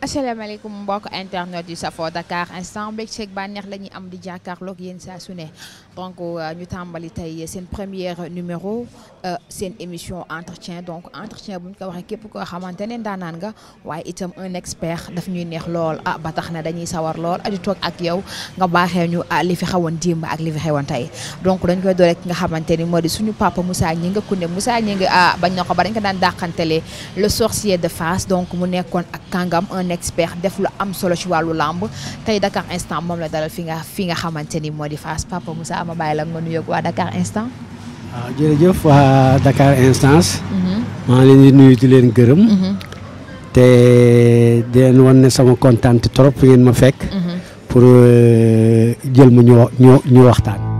Assalamu asalaamaaleykum mbok internet du Safo Dakar instant mbég ceeg bànneex la am di jàkkaarloog yéen saa su ne donc euh, ñu tambali tay sen première numéro euh, sen émission entretien donc entretien buñ ko waxee képp ko xamante ne nga waaye itam un expert daf ñuy neex lool ah ba tax na dañuy sawar lool aju tok ak yow nga baaxee ñu ah, li fi xawon démb ak li fi xewon tay donc dañ koy doole nga xamante modi suñu papa Moussa ñi nga ne Moussa Gningue ah bañ na ko ba dañ ko daan dàqantelee le sorcier de face donc mu nekkoon ak kàngam un expert def lu am solo ci wàllu làmb tey Dakar Instant moom la dalal fi nga xamante ni moo di Fass Papa Moussa a bàyyi la nga nuyoog waa Dakar Instant. waaw ah, jërëjëf waa Dakar Instant. Mhm. maa leen di nuyu di leen gërëm. Mhm. te di leen wan ne sama kontaan trop ngeen ma fekk. Mhm. pour euh, jël ma ñu ñu waxtaan.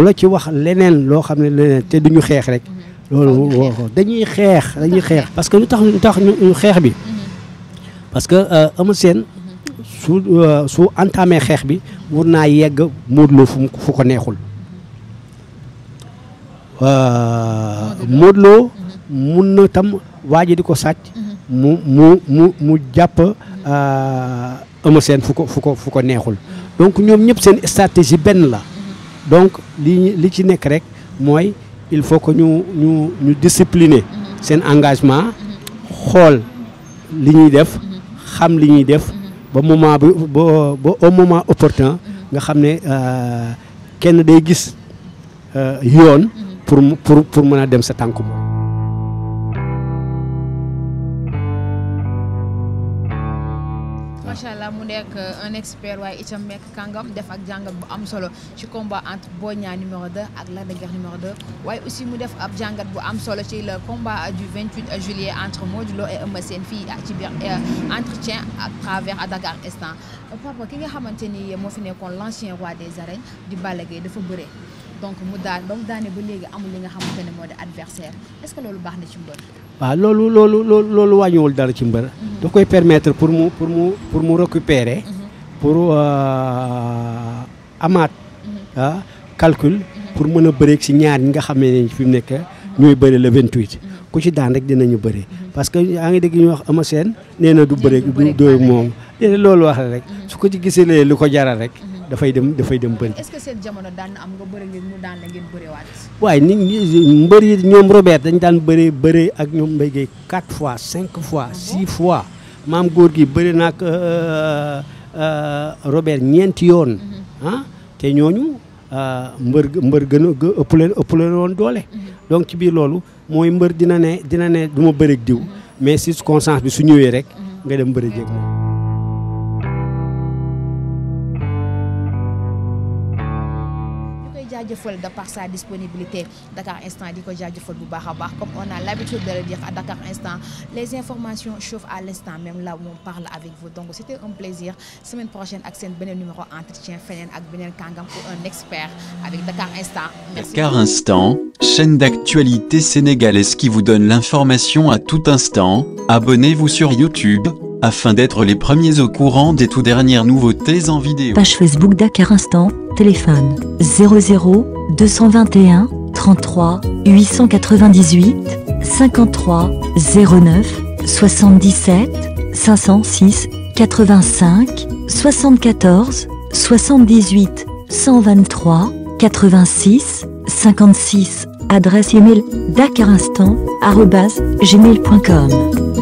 ku la ci wax leneen loo xam ne leneen te ñu xeex rek mm-hmm. loolu dañuy xeex dañuy xeex mm-hmm. parce que lu tax tax ñu xeex bi mm-hmm. parce que euh, Eumeu Sène su euh, su entamé xeex bi mun naa yegg Modou Lo fu ko neexul euh, Modou mun na tam waa ji di ko sàcc mu mu mu mu jàpp Eumeu Sène fu ko fu ko fu ko neexul donc ñoom ñëpp seen stratégie benn la donc li li ci nek rek moy il faut que ñu ñu ñu discipliner sen engagement xol li ñuy def xam li ñuy def ba moment ba au moment opportun nga xamné euh kenn day gis euh, yoon pour pour pour mën dem sa tànk macha mu nek euh, un expert way itam mekk kàngam def ak jangat bu am solo ci combat entre Bogna numéro 2 ak Lac de numéro 2 way aussi mu def ab jangat bu am solo ci le combat du 28 juillet entre Modulo et Eumeu Sène ci biir euh, entretien à travers à Dakar Instant euh, papa ki nga xamanteni mo fi nekkoon l'ancien roi des arènes du balagué dafa bëree donc mu daal ba mu daanee ba légui amul li nga xamanteni ne adversaire est-ce que lolu baax na ci mbër waaw loolu loolu loolu loolu wàññiwul dara ci mbër. Mhm. doo koy permettre pour mu pour mu pour mu récupérer. Mhm. pour euh, amaat mhm. ah calcul. pour mën a bëreeg si ñaar ñi nga xam ne fi mu nekk ñooy bëri le 28. ku ci daan rek dinañu bëri. parce que yaa ngi dégg ñu wax ama seen nee na du bëreeg du doy moom. loolu wax rek su ko ci gisee lu ko jaral rek. dafay dem dafay dem bëri. est-ce jamono daan am nga bëri ngeen daan la ngeen bëriwaat. waaye nit ñi mbër ñoom Robert dañ daan bëree bëree ak ñoom Mbaye Guèye quatre fois cinq fois ah six fois maam góor gi bëri na ak euh, euh, Robert ñeenti yoon. Mhm. ah te ñooñu euh, mbër mbër gën a ëpp leen ëpp woon doole. Mhm. donc ci biir loolu mooy mbër dina ne dina ne du ma bëri diw mhm. mais si circonstance bi su ñëwee rek. nga dem bëri jéeg moom. de par sa disponibilité Dakar Instant à du bu comme on a l'habitude de le dire à Dakar Instant les informations chauffent à l'instant même là où on parle avec vous donc c'était un plaisir semaine prochaine ak sen numéro entretien feneen avec benen Kangam pour un expert avec Dakar Instant. merci Dakar Instant chaîne d'actualité sénégalaise qui vous donne l'information à tout instant abonnez-vous sur YouTube afin d'être les premiers au courant des tout dernières nouveautés en vidéo. Page Facebook Dakar Instant, téléphone 00 221 33 898 53 09 77 506 85 74 78 123 86 56 Adresse email @gmail.com.